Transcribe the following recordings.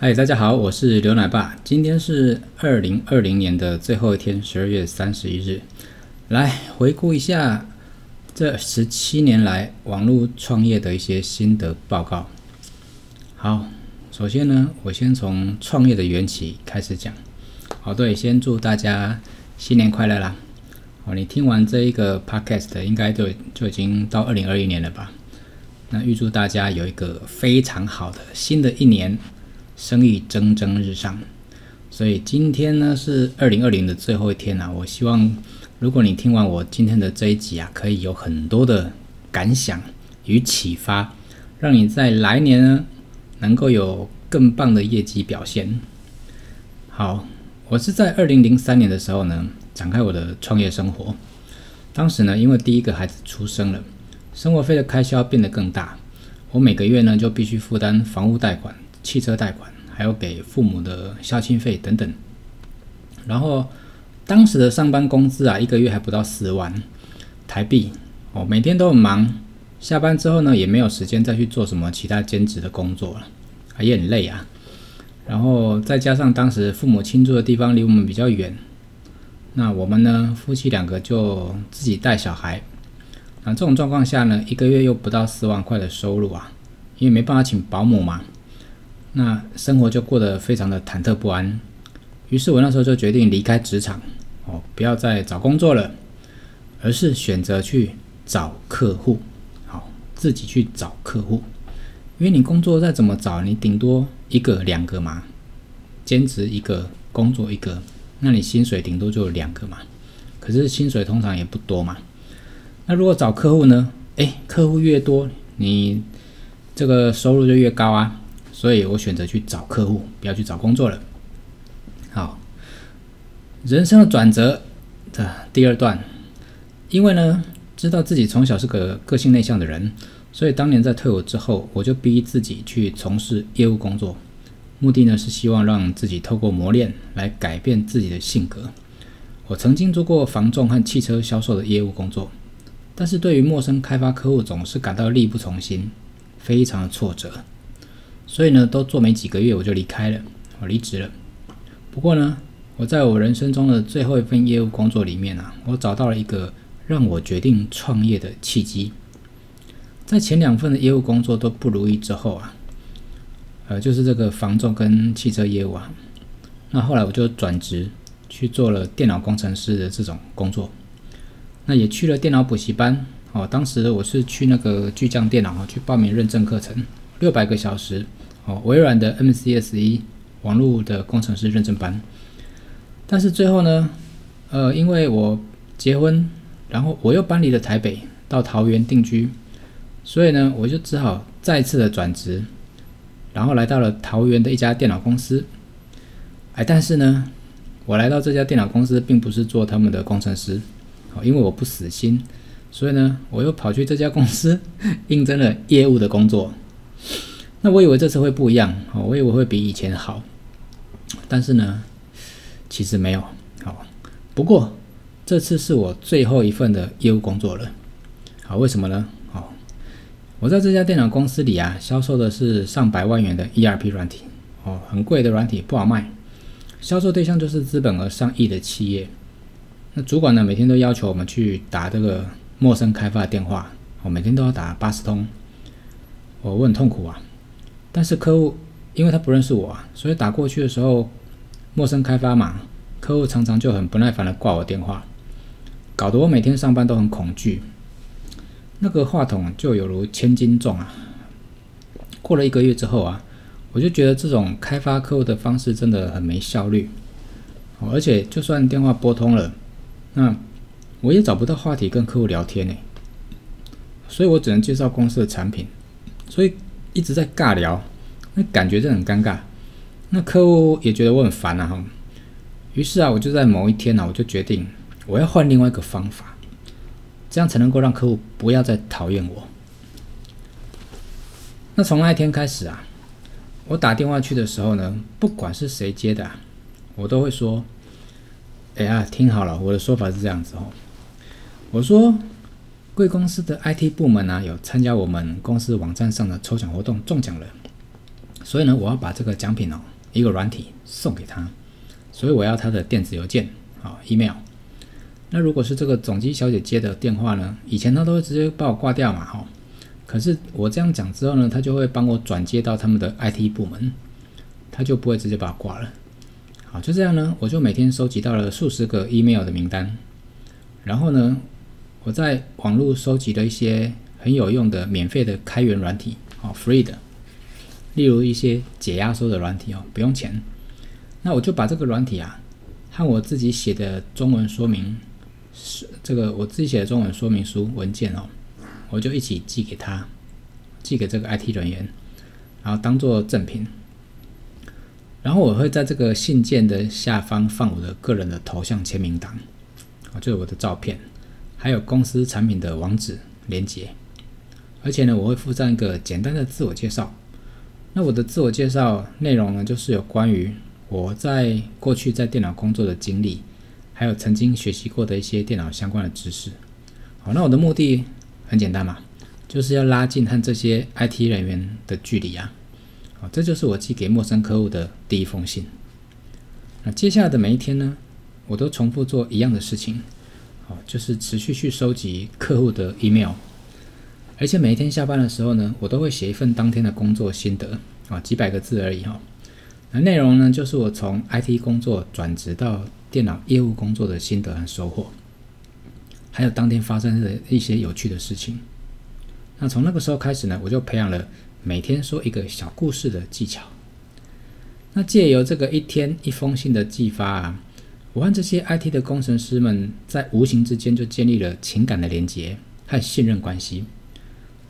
嗨，大家好，我是劉奶爸。今天是二零二零年的最後一天，十二月三十一日，來回顧一下這十七年來網絡創業的一些心得報告。好，首先呢，我先從創業的緣起開始講。好，對，先祝大家新年快樂啦！哦，你聽完這一個 podcast 應該就就已經到二零二一年了吧？那預祝大家有一個非常好的新的一年。生意蒸蒸日上，所以今天呢，是二零二零的最後一天了啊。我希望，如果你聽完我今天的這一集啊，可以有很多的感想與啟發，讓你在來年呢能夠有更棒的業績表現。好，我是在二零零三年的時候呢展開我的創業生活。當時呢，因為第一個孩子出生了，生活費的開銷變得更大，我每個月呢就必須負擔房屋貸款。汽車貸款，還有給父母的孝親費等等。然後當時的上班工資啊，一個月還不到四萬台幣哦，每天都很忙，下班之後呢，也沒有時間再去做什麼其他兼職的工作了，啊，也很累啊。然後再加上當時父母親住的地方離我們比較遠，那我們呢，夫妻兩個就自己帶小孩。那、啊、這種狀況下呢，一個月又不到四萬塊的收入啊，因為沒辦法請保姆嘛。那生活就過得非常的忐忑不安，於是我那時候就決定離開職場哦，不要再找工作了，而是選擇去找客戶，好，自己去找客戶。因為你工作再怎麼找，你頂多一個兩個嘛，兼職一個，工作一個，那你薪水頂多就兩個嘛。可是薪水通常也不多嘛。那如果找客戶呢？誒，客戶越多，你這個收入就越高啊。所以我選擇去找客戶，不要去找工作了。好，人生的轉折的第二段，因為呢，知道自己從小是個個性內向的人，所以當年在退伍之後，我就逼自己去從事業務工作，目的呢，是希望讓自己透過磨練來改變自己的性格。我曾經做過房仲和汽車銷售的業務工作，但是對於陌生開發客戶總是感到力不從心，非常的挫折。所以呢，都做沒幾個月，我就離開了，我離職了。不過呢，我在我人生中的最後一份業務工作裡面啊，我找到了一個讓我決定創業的契機。在前兩份的業務工作都不如意之後啊，呃，就是這個房仲跟汽車業務啊，那後來我就轉職去做了電腦工程師的這種工作，那也去了電腦補習班哦。當時我是去那個巨匠電腦啊，去報名認證課程，六百個小時。哦，微軟的 MCSE 網絡的工程師認證班，但是最後呢，呃，因為我結婚，然後我又搬離了台北，到桃園定居，所以呢，我就只好再次的轉職，然後來到了桃園的一家電腦公司。哎，但是呢，我來到這家電腦公司並不是做他們的工程師，哦，因為我不死心，所以呢，我又跑去這家公司應徵了業務的工作。那我以為這次會不一樣哦，我以為會比以前好，但是呢，其實沒有哦。不過這次是我最後一份的業務工作了，好、哦，為什麼呢？哦，我在這家電腦公司裡啊，銷售的是上百萬元的 ERP 軟體哦，很貴的軟體，不好賣。銷售對象就是資本額上億的企業。那主管呢，每天都要求我們去打這個陌生開發的電話，我、哦、每天都要打八十通，哦、我很痛苦啊！但是客戶因為他不認識我啊，所以打過去的時候，陌生開發嘛，客戶常常就很不耐煩地掛我電話，搞得我每天上班都很恐懼。那個話筒就有如千斤重啊！過了一個月之後啊，我就覺得這種開發客戶的方式真的很沒效率，哦，而且就算電話撥通了，那我也找不到話題跟客戶聊天呢，所以我只能介紹公司的產品，所以。一直在尬聊，那感覺就很尷尬。那客戶也覺得我很煩啊，哈。於是啊，我就在某一天呢、啊，我就決定我要換另外一個方法，這樣才能夠讓客戶不要再討厭我。那從那一天開始啊，我打電話去的時候呢，不管是誰接的啊，我都會說：“哎呀，聽好了，我的說法是這樣子哦。”我說。貴公司的 IT 部門呢、啊，有參加我們公司網站上的抽獎活動，中獎了，所以呢，我要把這個獎品哦，一個軟體送給他，所以我要他的電子郵件，啊、email。那如果是這個總機小姐接的電話呢，以前她都會直接把我掛掉嘛，哈。可是我這樣講之後呢，她就會幫我轉接到他們的 IT 部門，她就不會直接把我掛了。好，就這樣呢，我就每天收集到了數十個 email 的名單，然後呢。我在網路收集了一些很有用的免費的開源軟體哦，哦，free 的，例如一些解壓縮的軟體哦，不用錢。那我就把這個軟體啊，和我自己寫的中文說明，是這個我自己寫的中文說明書文件哦，我就一起寄給他，寄給這個 IT 人員，然後當做贈品。然後我會在這個信件的下方放我的個人的頭像簽名檔，啊，就是我的照片。還有公司產品的網址連接，而且呢，我會附上一個簡單的自我介紹。那我的自我介紹內容呢，就是有關於我在過去在電腦工作的經歷，還有曾經學習過的一些電腦相關的知識。好，那我的目的很簡單嘛，就是要拉近和這些 IT 人員的距離啊。好，這就是我寄給陌生客戶的第一封信。那接下來的每一天呢，我都重複做一樣的事情。就是持續去收集客戶的 email，而且每一天下班的時候呢，我都會寫一份當天的工作心得啊，幾百個字而已哈。那內容呢，就是我從 IT 工作轉職到電腦業務工作的心得和收穫，還有當天發生的一些有趣的事情。那從那個時候開始呢，我就培養了每天說一個小故事的技巧。那借由這個一天一封信的寄發啊。我跟這些 IT 的工程師們在無形之間就建立了情感的連接和信任關係。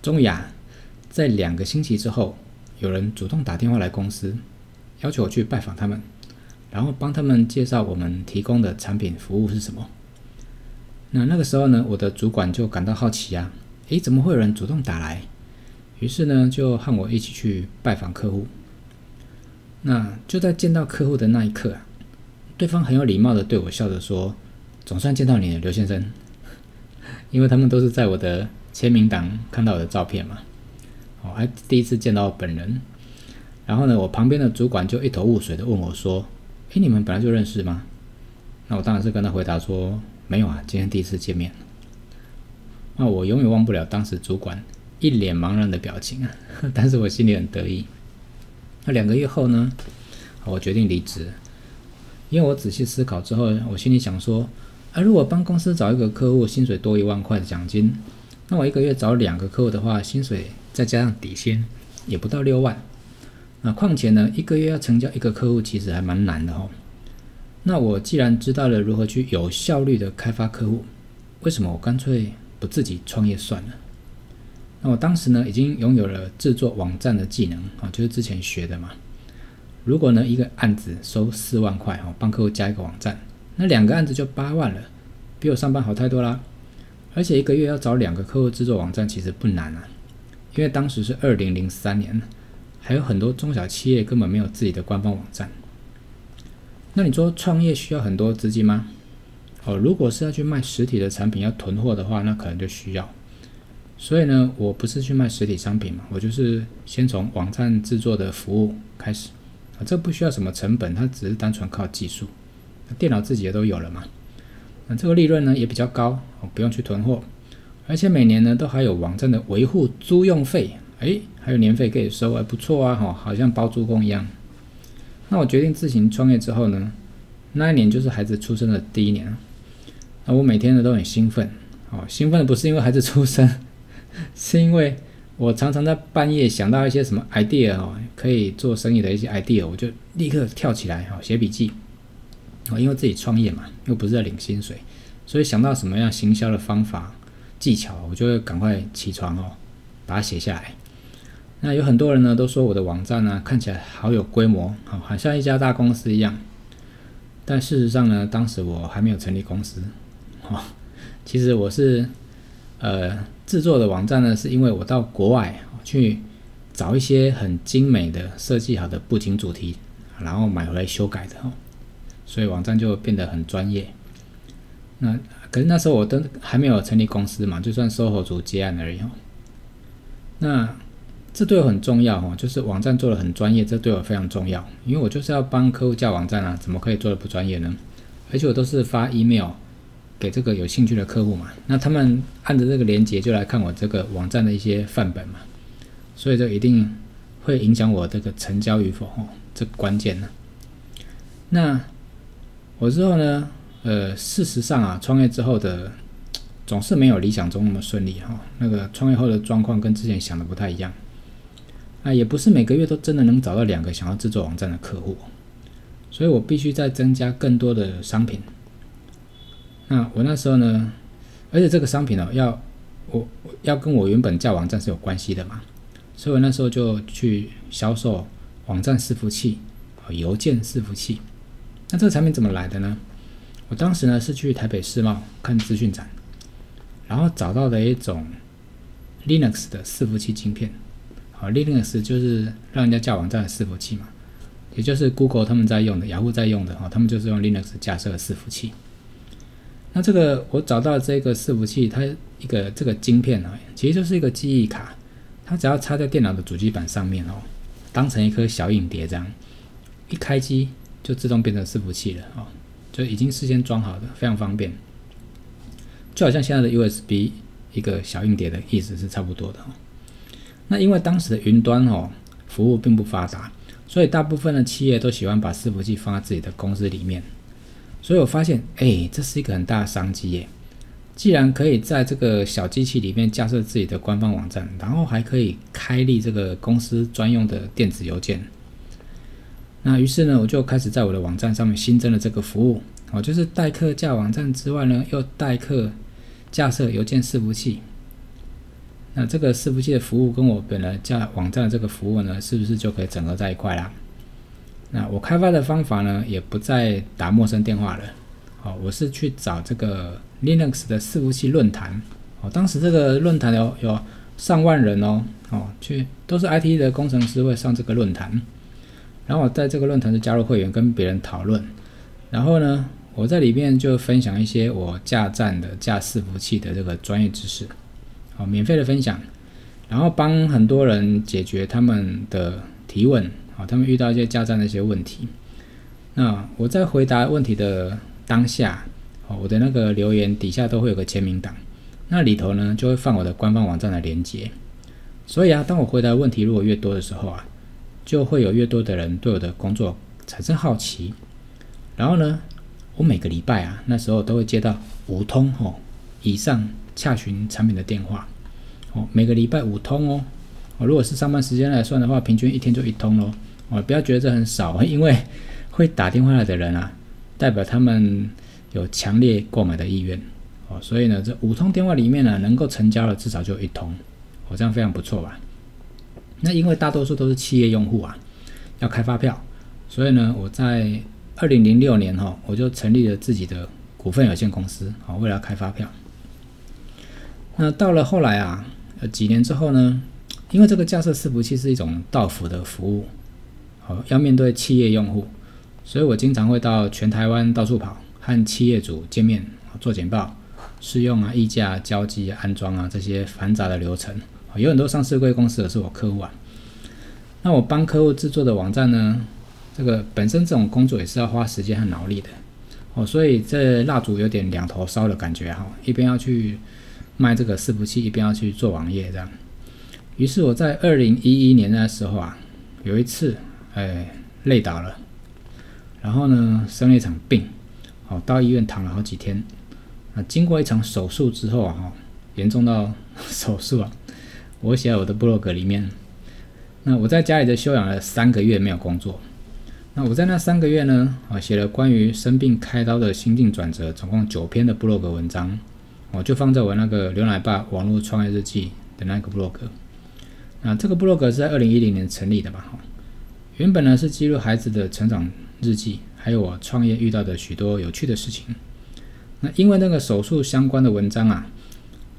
終於啊，在兩個星期之後，有人主動打電話來公司，要求我去拜訪他們，然後幫他們介紹我們提供的產品服務是什麼。那那個時候呢，我的主管就感到好奇啊，誒，怎麼會有人主動打來？於是呢，就和我一起去拜訪客戶。那就在見到客戶的那一刻啊。對方很有禮貌的對我笑着說：“總算見到你了，劉先生。”因為他們都是在我的簽名檔看到我的照片嘛，我、哦、還、啊、第一次見到我本人。然後呢，我旁邊的主管就一頭霧水的問我說：“誒，你們本來就認識嗎？”那我當然是跟他回答說：“沒有啊，今天第一次見面。”那我永遠忘不了當時主管一臉茫然的表情啊，但是我心裡很得意。那兩個月後呢，我決定離職。因為我仔細思考之後，我心裡想說，啊，如果幫公司找一個客戶，薪水多一萬塊的獎金，那我一個月找兩個客戶的話，薪水再加上底薪，也不到六萬。那，啊，況且呢，一個月要成交一個客戶，其實還蠻難的哦。那我既然知道了如何去有效率的開發客戶，為什麼我乾脆不自己創業算了？那我當時呢，已經擁有了制作網站的技能啊，就是之前學的嘛。如果呢，一個案子收四萬塊哦，幫客戶加一個網站，那兩個案子就八萬了，比我上班好太多啦。而且一個月要找兩個客戶制作網站，其實不難啊，因為當時是二零零三年，還有很多中小企業根本沒有自己的官方網站。那你說創業需要很多資金嗎？哦，如果是要去賣實體的產品，要囤貨的話，那可能就需要。所以呢，我不是去賣實體商品嘛，我就是先從網站制作的服務開始。這不需要什麼成本，它只是單純靠技術。電腦自己也都有了嘛。那這個利潤呢也比較高，不用去囤貨，而且每年呢都還有網站的維護租用費，誒，還有年費可以收，還不錯啊，哈，好像包租公一樣。那我決定自行創業之後呢，那一年就是孩子出生的第一年。那我每天呢都很興奮，哦，興奮的不是因為孩子出生，是因為。我常常在半夜想到一些什麼 idea 哦，可以做生意的一些 idea，我就立刻跳起來哈、哦，寫筆記、哦。因為自己創業嘛，又不是在領薪水，所以想到什麼樣行銷的方法技巧，我就會趕快起床哦，把它寫下來。那有很多人呢都說我的網站呢、啊、看起來好有規模，哦、好很像一家大公司一樣，但事實上呢，當時我還沒有成立公司，好、哦，其實我是。呃，製作的網站呢，是因為我到國外去找一些很精美的設計好的布景主題，然後買回來修改的，所以網站就變得很專業。那可是那時候我都還沒有成立公司嘛，就算 SOHO 族接案而已哦。那這對我很重要哦，就是網站做的很專業，這對我非常重要，因為我就是要幫客戶架網站啊，怎麼可以做的不專業呢？而且我都是發 email。給這個有興趣的客戶嘛，那他們按着這個鏈接就來看我這個網站的一些範本嘛，所以就一定會影響我這個成交與否，這關鍵呢。那我之後呢，呃，事實上啊，創業之後的總是沒有理想中那麼順利哈、哦，那個創業後的狀況跟之前想的不太一樣啊，也不是每個月都真的能找到兩個想要製作網站的客戶，所以我必須再增加更多的商品。那我那時候呢，而且這個商品哦，要我我要跟我原本架網站是有關係的嘛，所以我那時候就去銷售網站伺服器啊，郵件伺服器。那這個產品怎麼來的呢？我當時呢是去台北世貿看資訊展，然後找到的了一種 Linux 的伺服器晶片，好，Linux 就是讓人家架網站的伺服器嘛，也就是 Google 他們在用的，Yahoo 在用的哈，他們就是用 Linux 架設的伺服器。那這個我找到的這個伺服器，它一個這個晶片啊，其實就是一個記憶卡，它只要插在電腦的主機板上面哦，當成一顆小硬碟這樣，一開機就自動變成伺服器了哦，就已經事先裝好的，非常方便，就好像現在的 USB 一個小硬碟的意思是差不多的哦。那因為當時的雲端哦服務並不發達，所以大部分的企業都喜歡把伺服器放在自己的公司裡面。所以我發現，哎，這是一個很大的商機耶！既然可以在這個小機器裡面架設自己的官方網站，然後還可以開立這個公司專用的電子郵件，那於是呢，我就開始在我的網站上面新增了這個服務，哦，就是代客架網站之外呢，又代客架設郵件伺服器。那這個伺服器的服務跟我本來架網站的這個服務呢，是不是就可以整合在一塊啦？那我開發的方法呢，也不再打陌生電話了。好、哦，我是去找這個 Linux 的伺服器論壇。哦，當時這個論壇有有上萬人哦，哦，去都是 IT 的工程師會上這個論壇。然後我在這個論壇就加入會員，跟別人討論。然後呢，我在裡面就分享一些我架站的架伺服器的這個專業知識。好、哦，免費的分享，然後幫很多人解決他們的提問。啊，他們遇到一些家政的一些問題，那我在回答問題的當下，哦，我的那個留言底下都會有個簽名檔，那裡頭呢就會放我的官方網站的鏈接。所以啊，當我回答問題如果越多的時候啊，就會有越多的人對我的工作產生好奇。然後呢，我每個禮拜啊，那時候都會接到五通哦，以上洽詢產品的電話，哦，每個禮拜五通哦，哦，如果是上班時間來算的話，平均一天就一通咯、哦。哦，不要覺得這很少，因為會打電話來的人啊，代表他們有強烈購買的意願哦，所以呢，這五通電話裡面呢、啊，能夠成交的至少就一通，哦，這樣非常不錯吧？那因為大多數都是企業用戶啊，要開發票，所以呢，我在二零零六年哈、哦，我就成立了自己的股份有限公司，好、哦，為了開發票。那到了後來啊，呃，幾年之後呢，因為這個架設伺服器是一種到付的服務。要面對企業用戶，所以我經常會到全台灣到處跑，和企業主見面，做簡報、試用啊、議價、交機、安裝啊這些繁雜的流程。有很多上市櫃公司也是我客戶啊。那我幫客戶制作的網站呢，這個本身這種工作也是要花時間和腦力的。哦，所以這蠟燭有點兩頭燒的感覺哈、啊，一邊要去賣這個伺服器，一邊要去做網頁這樣。於是我在二零一一年的時候啊，有一次。哎，累倒了，然後呢，生了一場病，哦，到醫院躺了好幾天。啊，經過一場手術之後啊，嚴重到手術啊，我寫在我的 blog 裡面。那我在家裡的休養了三個月沒有工作。那我在那三個月呢，啊，寫了關於生病開刀的心境轉折，總共九篇的 blog 文章，我就放在我那個牛奶爸網絡創業日記的那個 blog。那這個 blog 是在二零一零年成立的吧，哈。原本呢是記錄孩子的成長日記，還有我創業遇到的許多有趣的事情。那因為那個手術相關的文章啊，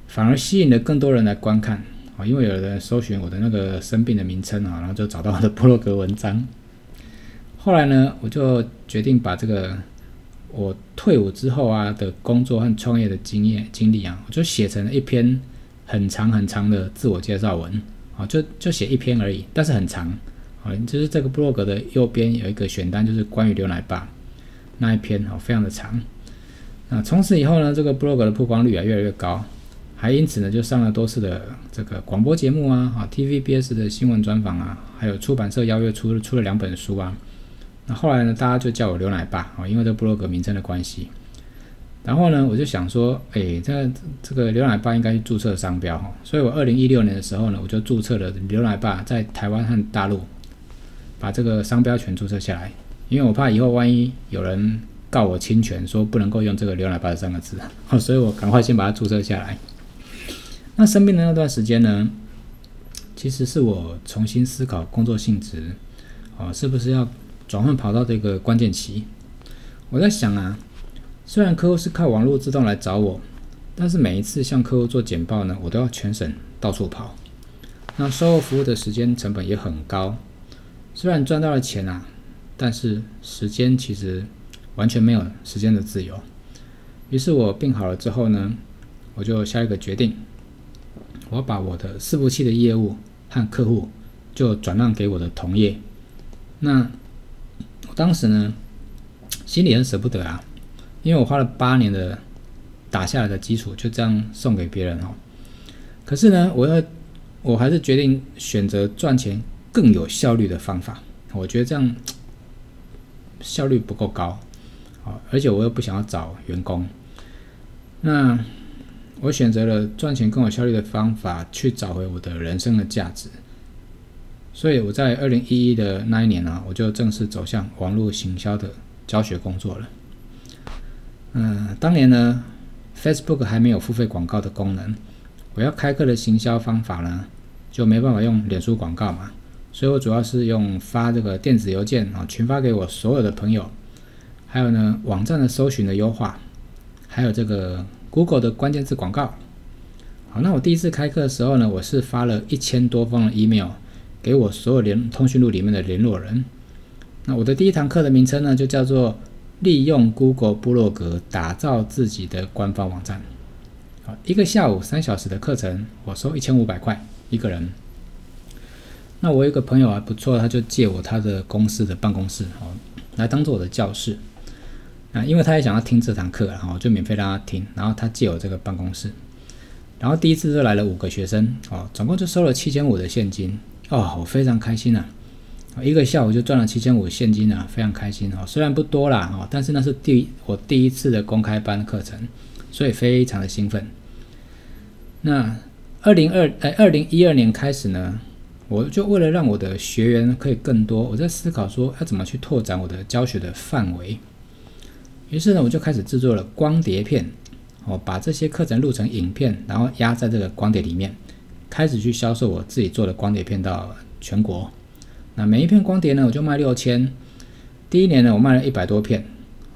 反而吸引了更多人來觀看啊。因為有人搜尋我的那個生病的名稱啊，然後就找到我的部落格文章。後來呢，我就決定把這個我退伍之後啊的工作和創業的經驗經歷啊，我就寫成了一篇很長很長的自我介紹文啊，就就寫一篇而已，但是很長。好、哦，就是這個 blog 的右邊有一個選單，就是關於牛奶爸那一篇，哦，非常的長。那從此以後呢，這個 blog 的曝光率啊越來越高，還因此呢就上了多次的這個廣播節目啊，啊，TVBS 的新聞專訪啊，還有出版社邀約出出了兩本書啊。那後來呢，大家就叫我牛奶爸啊、哦，因為這 blog 名稱的關係。然後呢，我就想說，誒、哎，這這個牛奶爸應該去注冊商標哈，所以我二零一六年的時候呢，我就注冊了牛奶爸在台灣和大陸。把這個商標權註冊下來，因為我怕以後萬一有人告我侵權，說不能夠用這個“劉爸爸”三個字，所以我趕快先把它註冊下來。那生病的那段時間呢，其實是我重新思考工作性質，啊，是不是要轉換跑道這個關鍵期。我在想啊，雖然客戶是靠網絡自動來找我，但是每一次向客戶做簡報呢，我都要全省到處跑，那售後服務的時間成本也很高。雖然賺到了錢啊，但是時間其實完全沒有時間的自由。於是我病好了之後呢，我就下一個決定，我把我的伺服器的業務和客戶就轉讓給我的同業。那我當時呢，心裡很捨不得啊，因為我花了八年的打下來的基礎就這樣送給別人哦。可是呢，我要我還是決定選擇賺錢。更有效率的方法，我覺得這樣效率不夠高，哦，而且我又不想要找員工，那我選擇了賺錢更有效率的方法去找回我的人生的價值，所以我在二零一一的那一年呢，啊，我就正式走向網絡行銷的教學工作了。嗯，呃，當年呢，Facebook 還沒有付費廣告的功能，我要開課的行銷方法呢，就沒辦法用臉書廣告嘛。所以我主要是用發這個電子郵件啊，群發給我所有的朋友，還有呢，網站的搜尋的優化，還有這個 Google 的關鍵字廣告。好，那我第一次開課的時候呢，我是發了一千多封的 email 給我所有聯通訊錄裡面的聯絡人。那我的第一堂課的名稱呢，就叫做利用 Google 部落格打造自己的官方網站。好，一個下午三小時的課程，我收一千五百塊一個人。那我有一個朋友還不錯，他就借我他的公司的辦公室哦，來當做我的教室啊。因為他也想要聽這堂課，然後、啊、就免費讓他聽。然後他借我這個辦公室，然後第一次就來了五個學生哦、啊，總共就收了七千五的現金哦，我非常開心吶、啊，一個下午就賺了七千五現金啊，非常開心哦、啊。雖然不多啦哦、啊，但是那是第我第一次的公開班課程，所以非常的興奮。那二零二哎二零一二年開始呢，我就為了讓我的學員可以更多，我在思考說要怎麼去拓展我的教學的範圍。於是呢，我就開始制作了光碟片，哦，把這些課程錄成影片，然後壓在這個光碟裡面，開始去銷售我自己做的光碟片到全國。那每一片光碟呢，我就賣六千。第一年呢，我賣了一百多片。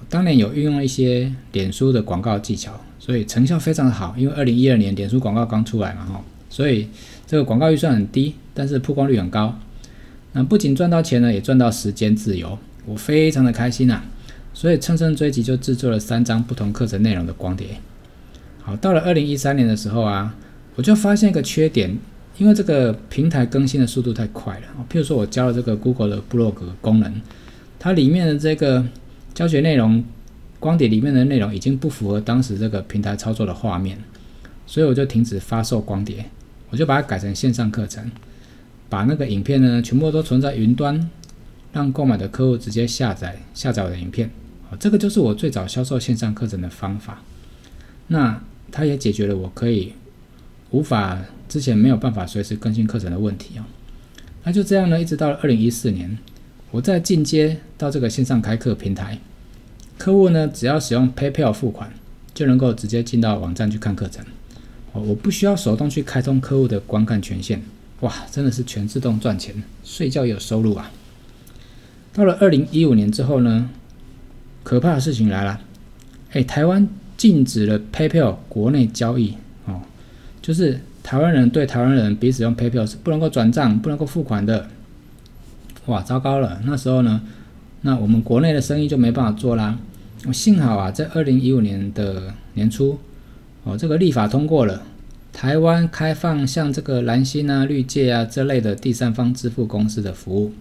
當年有運用一些臉書的廣告技巧，所以成效非常好。因為二零一二年臉書廣告剛出來嘛，吼，所以。這個廣告預算很低，但是曝光率很高。那不僅賺到錢呢，也賺到時間自由，我非常的開心啊！所以乘勝追擊就制作了三張不同課程內容的光碟。好，到了二零一三年的時候啊，我就發現一個缺點，因為這個平台更新的速度太快了。譬如說我教了這個 Google 的布洛格功能，它裡面的這個教學內容光碟裡面的內容已經不符合當時這個平台操作的畫面，所以我就停止發售光碟。我就把它改成線上課程，把那個影片呢全部都存在雲端，讓購買的客戶直接下載下載我的影片。哦，這個就是我最早銷售線上課程的方法。那它也解決了我可以無法之前沒有辦法隨時更新課程的問題啊，哦。那就這樣呢，一直到了二零一四年，我再進階到這個線上開課平台，客戶呢只要使用 PayPal 付款，就能夠直接進到網站去看課程。我不需要手動去開通客戶的觀看權限，哇，真的是全自動賺錢，睡覺也有收入啊。到了二零一五年之後呢，可怕的事情來了，哎，台灣禁止了 PayPal 國內交易哦，就是台灣人對台灣人彼此用 PayPal 是不能夠轉賬、不能夠付款的。哇，糟糕了，那時候呢，那我們國內的生意就沒辦法做啦。幸好啊，在二零一五年的年初。哦，這個立法通過了，台灣開放像這個藍新啊、綠界啊這類的第三方支付公司的服務，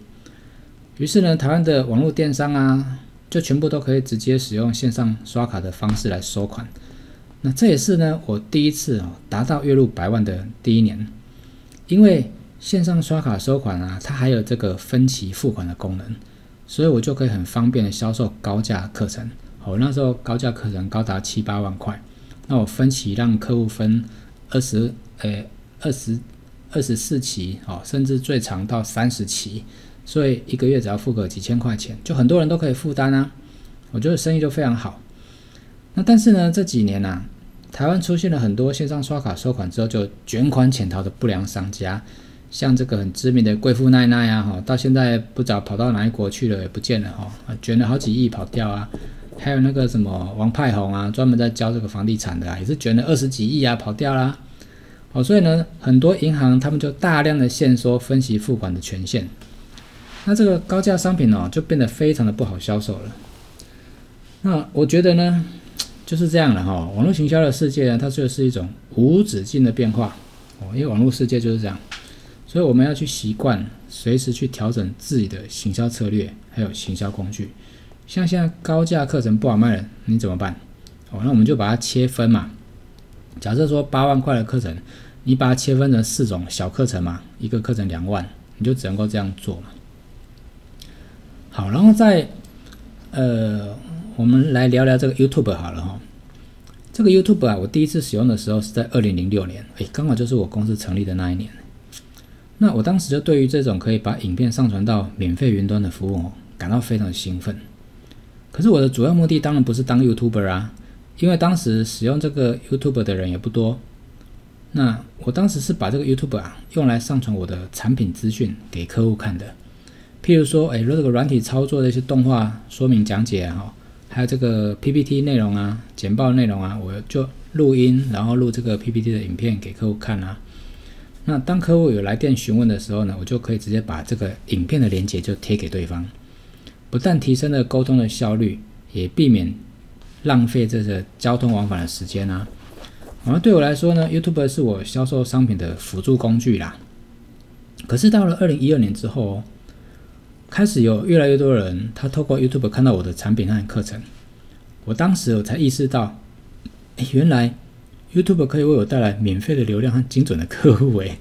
於是呢，台灣的網絡電商啊，就全部都可以直接使用線上刷卡的方式來收款。那這也是呢，我第一次哦達到月入百萬的第一年，因為線上刷卡收款啊，它還有這個分期付款的功能，所以我就可以很方便的銷售高價課程。哦，那時候高價課程高達七八萬塊。那我分期讓客戶分二十、欸，誒，二十，二十四期哦，甚至最長到三十期，所以一個月只要付個幾千塊錢，就很多人都可以負擔啊，我覺得生意就非常好。那但是呢，這幾年啊，台灣出現了很多線上刷卡收款之後就卷款潛逃的不良商家，像這個很知名的貴婦奈奈啊，哈，到現在不知道跑到哪一國去了也不見了哈，啊，卷了好幾億跑掉啊。還有那個什麼王派宏啊，專門在教這個房地產的啊，也是卷了二十幾億啊，跑掉啦，啊。哦，所以呢，很多銀行他們就大量的限縮分期付款的權限。那這個高價商品呢，哦，就變得非常的不好銷售了。那我覺得呢，就是這樣了哈，哦。網絡行銷的世界呢，它就是一種無止境的變化哦，因為網絡世界就是這樣，所以我們要去習慣，隨時去調整自己的行銷策略，還有行銷工具。像現在高價課程不好賣了，你怎麼辦？哦，那我們就把它切分嘛。假設說八萬塊的課程，你把它切分成四種小課程嘛，一個課程兩萬，你就只能夠這樣做嘛。好，然後再，呃，我們來聊聊這個 YouTube 好了哈、哦。這個 YouTube 啊，我第一次使用的時候是在二零零六年，哎，剛好就是我公司成立的那一年。那我當時就對於這種可以把影片上傳到免費雲端的服務哦，感到非常興奮。可是我的主要目的當然不是當 YouTuber 啊，因為當時使用這個 YouTuber 的人也不多。那我當時是把這個 YouTuber 啊，用來上傳我的產品資訊給客戶看的，譬如說，誒，做這個軟體操作的一些動畫說明講解哈、啊，還有這個 PPT 內容啊、簡報內容啊，我就錄音，然後錄這個 PPT 的影片，給客戶看啊。那當客戶有來電詢問的時候呢，我就可以直接把這個影片的鏈接就貼給對方。不但提升了溝通的效率，也避免浪費這個交通往返的時間啊。然後對我來說呢，YouTube 是我銷售商品的輔助工具啦。可是到了二零一二年之後，哦，開始有越來越多人他透過 YouTube 看到我的產品和課程，我當時我才意識到，欸、原來 YouTube 可以為我帶來免費的流量和精準的客戶哎、欸。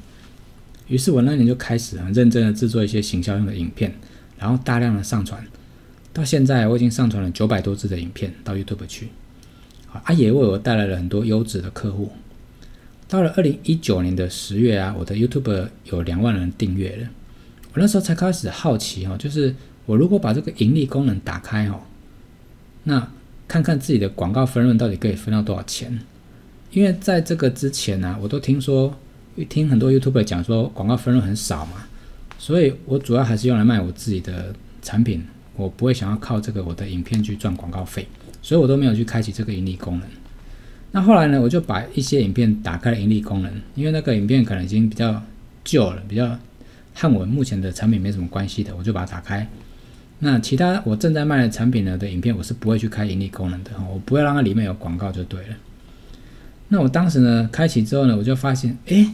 於是我那年就開始很認真的制作一些行銷用的影片，然後大量的上傳。到現在，我已經上傳了九百多支的影片到 YouTube 去。阿、啊、也為我帶來了很多優質的客戶。到了二零一九年的十月啊，我的 YouTube 有兩萬人訂閱了。我那時候才開始好奇哦，就是我如果把這個盈利功能打開哦，那看看自己的廣告分潤到底可以分到多少錢？因為在這個之前呢、啊，我都聽說聽很多 YouTube 講說廣告分潤很少嘛，所以我主要還是用來賣我自己的產品。我不會想要靠這個我的影片，去賺廣告費，所以我都沒有去開啟這個盈利功能。那後來呢，我就把一些影片打開了盈利功能，因為那個影片可能已經比較舊了，比較和我目前的產品沒什麼關係的，我就把它打開。那其他我正在賣的產品呢的影片，我是不會去開盈利功能的，我不會讓它裡面有廣告就對了。那我當時呢，開啟之後呢，我就發現，誒，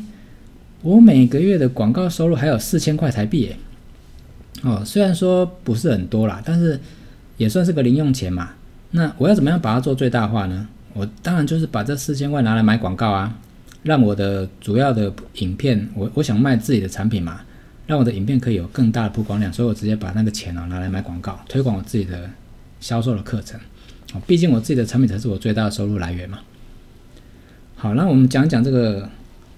我每個月的廣告收入還有四千塊台幣，誒。哦，雖然說不是很多啦，但是也算是個零用錢嘛。那我要怎麼樣把它做最大化呢？我當然就是把這四千塊拿來買廣告啊，讓我的主要的影片，我我想賣自己的產品嘛，讓我的影片可以有更大的曝光量，所以我直接把那個錢、哦、拿來買廣告，推廣我自己的銷售的課程。哦、畢竟我自己的產品才是我最大的收入來源嘛。好，那我們講講這個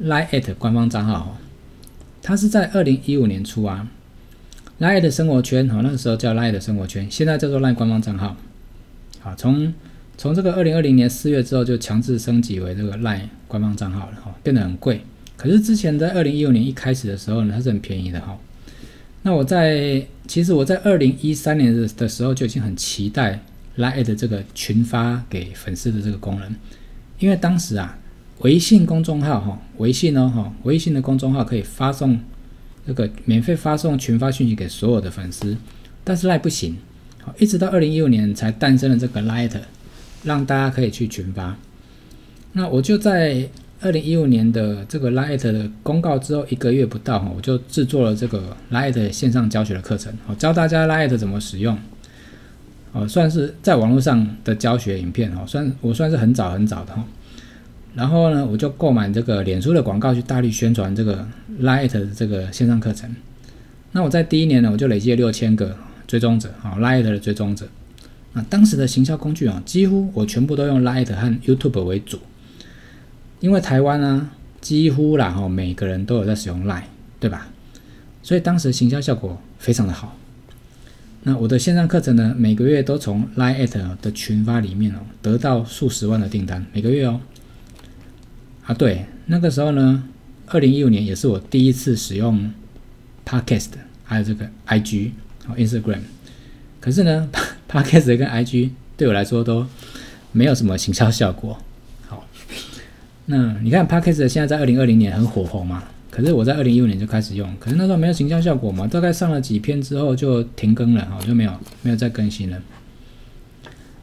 LINE@ 官方賬號哦，它是在二零一五年初啊。line 的生活圈，哈，那個時候叫 line 的生活圈，現在叫做 line 官方賬號，好，從從這個二零二零年四月之後就強制升級為這個 line 官方賬號了，哈，變得很貴。可是之前在二零一五年一開始的時候呢，它是很便宜的，哈。那我在其實我在二零一三年的時候就已經很期待 line 的這個群發給粉絲的這個功能，因為當時啊，微信公眾號，哈，微信呢，哈，微信的公眾號可以發送。這個免費發送群發訊息給所有的粉絲，但是 Light 不行，好，一直到二零一五年才誕生了這個 Light，讓大家可以去群發。那我就在二零一五年的這個 Light 的公告之後一個月不到，哈，我就製作了這個 Light 的線上教學的課程，好，教大家 Light 怎麼使用，哦，算是在網絡上的教學影片，哈，算我算是很早很早的。然後呢，我就購買這個臉書的廣告去大力宣傳這個 LINE@ 的這個線上課程。那我在第一年呢，我就累積了六千個追蹤者啊、哦、，LINE@ 的追蹤者。啊，當時的行銷工具啊、哦，幾乎我全部都用 LINE@ 和 YouTube 為主，因為台灣啊，幾乎啦哈、哦，每個人都有在使用 LINE，對吧？所以當時行銷效果非常的好。那我的線上課程呢，每個月都從 LINE@ 的群發裡面哦，得到數十萬的訂單，每個月哦。啊，對，那個時候呢，二零一五年也是我第一次使用 Podcast，還有這個 IG 好 Instagram，可是呢，Podcast 跟 IG 對我來說都沒有什麼行銷效果。好，那你看 Podcast 現在在二零二零年很火紅嘛，可是我在二零一五年就開始用，可是那時候沒有行銷效果嘛，大概上了幾篇之後就停更了，我就沒有沒有再更新了。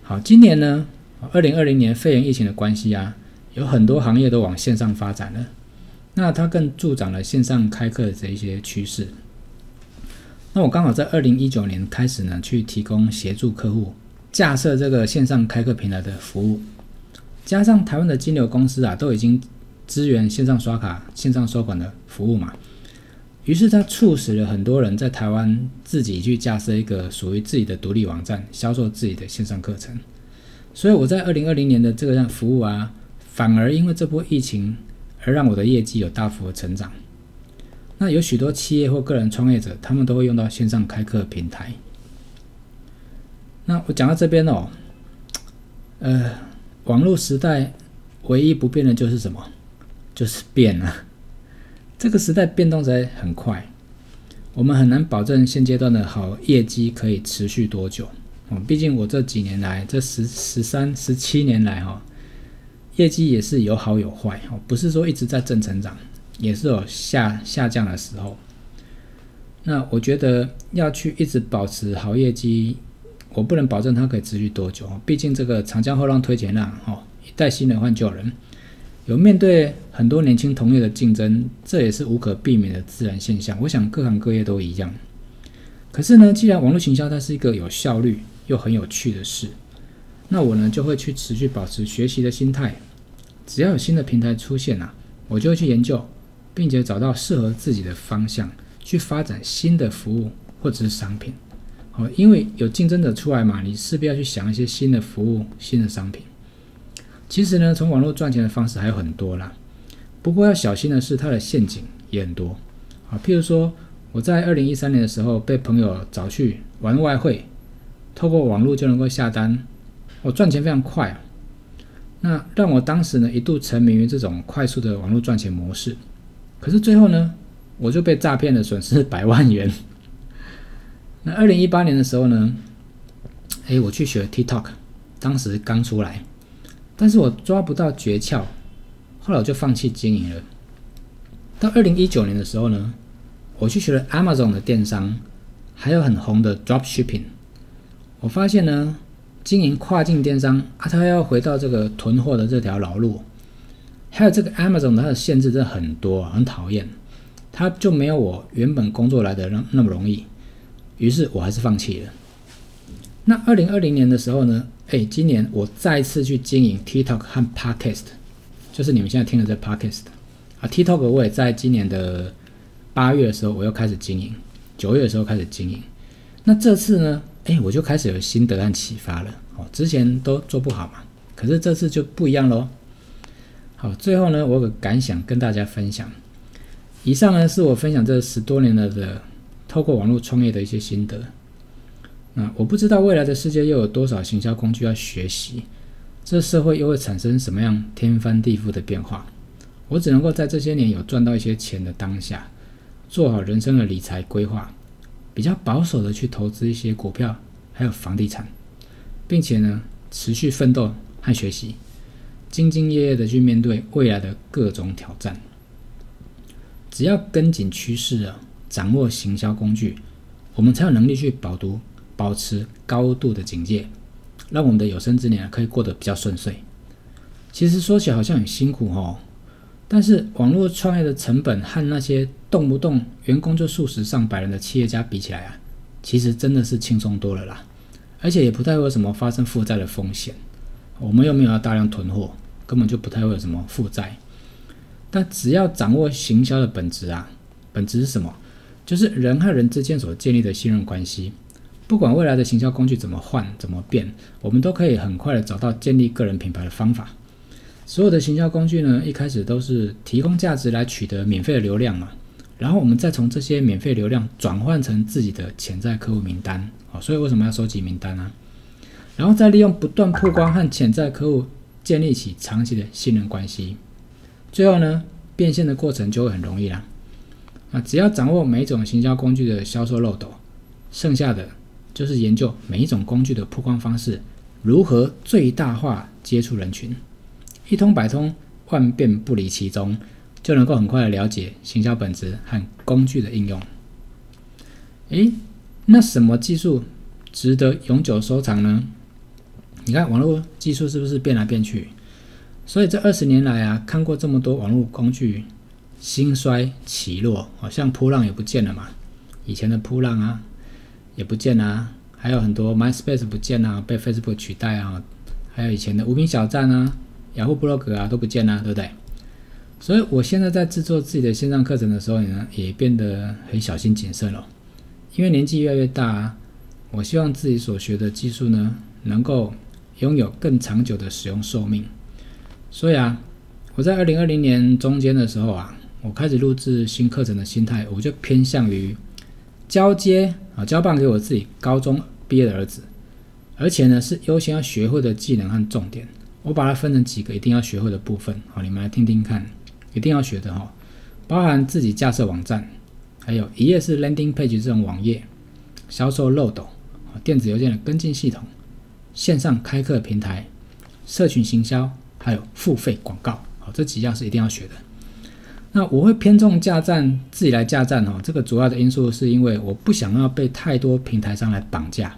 好，今年呢，二零二零年肺炎疫情的關係啊。有很多行業都往線上發展了，那它更助長了線上開課的這一些趨勢。那我剛好在二零一九年開始呢，去提供協助客戶架設這個線上開課平台的服務，加上台灣的金流公司啊，都已經支援線上刷卡、線上收款的服務嘛，於是它促使了很多人在台灣自己去架設一個屬於自己的獨立網站，銷售自己的線上課程。所以我在二零二零年的這個樣服務啊。反而因為這波疫情，而讓我的業績有大幅的成長。那有許多企業或個人創業者，他們都會用到線上開課平台。那我講到這邊哦，呃，網絡時代唯一不變的就是什麼？就是變了。這個時代變動在很快，我們很難保證現階段的好業績可以持續多久。嗯，畢竟我這幾年來，這十十三、十七年來哈、哦。業績也是有好有壞哦，不是說一直在正成長，也是有下下降的時候。那我覺得要去一直保持好業績，我不能保證它可以持續多久哦。畢竟這個長江後浪推前浪哦，一代新人換舊人，有面對很多年輕同業的競爭，這也是無可避免的自然現象。我想各行各業都一樣。可是呢，既然網絡行銷它是一個有效率又很有趣的事，那我呢就會去持續保持學習的心態。只要有新的平台出現啊，我就會去研究，並且找到適合自己的方向去發展新的服務或者是商品。好、哦，因為有競爭者出來嘛，你勢必要去想一些新的服務、新的商品。其實呢，從網絡賺錢的方式還有很多啦。不過要小心的是，它的陷阱也很多啊。譬如說，我在二零一三年的時候被朋友找去玩外匯，透過網絡就能夠下單，我、哦、賺錢非常快啊。那讓我當時呢一度沉迷於這種快速的網絡賺錢模式，可是最後呢，我就被詐騙了，損失百萬元。那二零一八年的時候呢，哎，我去學 TikTok，當時剛出來，但是我抓不到訣竅，後來我就放棄經營了。到二零一九年的時候呢，我去學了 Amazon 的電商，還有很紅的 Dropshipping，我發現呢，經營跨境電商啊，它要回到這個囤貨的這條老路，還有這個 Amazon 的，它的限制，真的很多，很討厭，它就沒有我原本工作來的那那麼容易，於是我還是放棄了。那二零二零年的時候呢，誒，今年我再次去經營 TikTok 和 Podcast，就是你們現在聽的這 Podcast 啊，TikTok 我也在今年的八月的時候我又開始經營，九月的時候開始經營，那這次呢？哎，我就開始有心得和啟發了。哦，之前都做不好嘛，可是這次就不一樣嘍。好，最後呢，我有感想跟大家分享。以上呢，是我分享這十多年來的透過網絡創業的一些心得。那我不知道未來的世界又有多少行銷工具要學習，這社會又會產生什麼樣天翻地覆的變化。我只能夠在這些年有賺到一些錢的當下，做好人生的理財規劃。比較保守的去投資一些股票，還有房地產，並且呢，持續奮鬥和學習，兢兢業業的去面對未來的各種挑戰。只要跟緊趨勢啊，掌握行銷工具，我們才有能力去保讀，保持高度的警戒，讓我們的有生之年可以過得比較順遂。其實說起來好像很辛苦哦。但是網絡創業的成本和那些動不動員工就數十上百人的企業家比起來啊，其實真的是輕鬆多了啦，而且也不太會有什麼發生負債的風險。我們又沒有要大量囤貨，根本就不太會有什麼負債。但只要掌握行銷的本質啊，本質是什麼？就是人和人之間所建立的信任關係。不管未來的行銷工具怎麼換，怎麼變，我們都可以很快的找到建立個人品牌的方法。所有的行銷工具呢，一開始都是提供價值來取得免費的流量嘛，然後我們再從這些免費流量轉換成自己的潛在客戶名單，好，所以為什麼要收集名單呢、啊？然後再利用不斷曝光和潛在客戶建立起長期的信任關係，最後呢，變現的過程就會很容易啦。啊，只要掌握每一種行銷工具的銷售漏斗，剩下的就是研究每一種工具的曝光方式，如何最大化接觸人群。一通百通，萬變不離其宗，就能夠很快的了解行銷本質和工具的應用。誒，那什麼技術值得永久收藏呢？你看網絡技術是不是變來變去？所以這二十年來啊，看過這麼多網絡工具興衰起落，好像噗浪也不見了嘛，以前的噗浪啊也不見啦、啊，還有很多 MySpace 不見啦、啊，被 Facebook 取代啊，還有以前的無名小站啊。雅虎部落格啊都不見啦啊，對不對？所以我現在在製作自己的線上課程的時候呢，也變得很小心謹慎了。因為年紀越來越大啊，我希望自己所學的技術呢，能夠擁有更長久的使用壽命。所以啊，我在二零二零年中間的時候啊，我開始錄制新課程的心態，我就偏向於交接啊，交棒給我自己高中畢業的兒子，而且呢是優先要學會的技能和重點。我把它分成幾個一定要學會的部分，好，你們來聽聽看，一定要學的哈、哦，包含自己架設網站，還有一頁式 landing page 這種網頁，銷售漏斗，電子郵件的跟進系統，線上開課平台，社群行銷，還有付費廣告，好，這幾樣是一定要學的。那我會偏重架站，自己來架站哦，這個主要的因素是因為我不想要被太多平台商來綁架，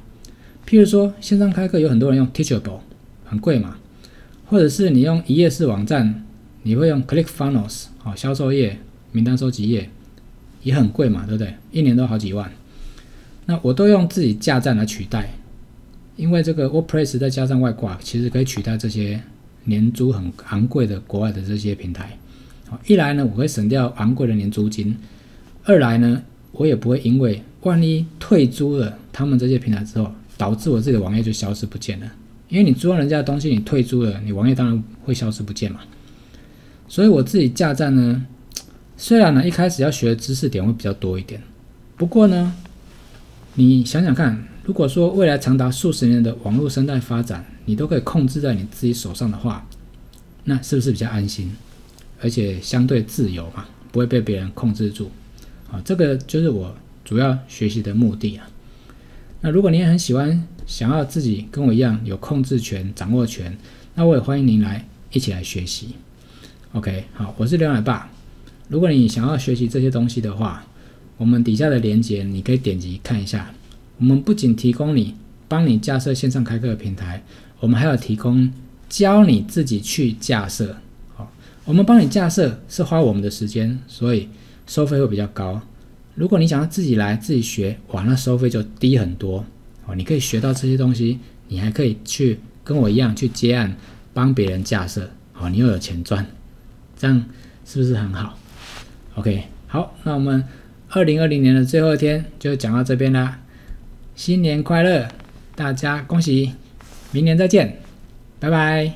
譬如說線上開課有很多人用 Teachable，很貴嘛。或者是你用一頁式網站，你會用 ClickFunnels 好、哦、銷售頁、名單收集頁，也很貴嘛，對不對？一年都好幾萬。那我都用自己架站來取代，因為這個 WordPress 再加上外掛，其實可以取代這些年租很昂貴的國外的這些平台。好，一來呢，我會省掉昂貴的年租金；二來呢，我也不會因為萬一退租了他們這些平台之後，導致我自己的網頁就消失不見了。因為你租人家的東西，你退租了，你網頁當然會消失不見嘛。所以我自己架站呢，雖然呢一開始要學的知識點會比較多一點，不過呢，你想想看，如果說未來長達數十年的網絡生態發展，你都可以控制在你自己手上的話，那是不是比較安心？而且相對自由嘛，不會被別人控制住。啊、哦，這個就是我主要學習的目的啊。那如果你也很喜歡。想要自己跟我一樣有控制權、掌握權，那我也歡迎您來一起來學習。OK，好，我是劉奶爸。如果你想要學習這些東西的話，我們底下的鏈接你可以點擊看一下。我們不僅提供你幫你架設線上開課的平台，我們還有提供教你自己去架設。好，我們幫你架設是花我們的時間，所以收費會比較高。如果你想要自己來自己學，哇，那收費就低很多。哦，你可以學到這些東西，你還可以去跟我一樣去接案，幫別人架設，好，哦，你又有錢賺，這樣是不是很好？OK，好，那我們二零二零年的最後一天就講到這邊啦，新年快樂，大家恭喜，明年再見，拜拜。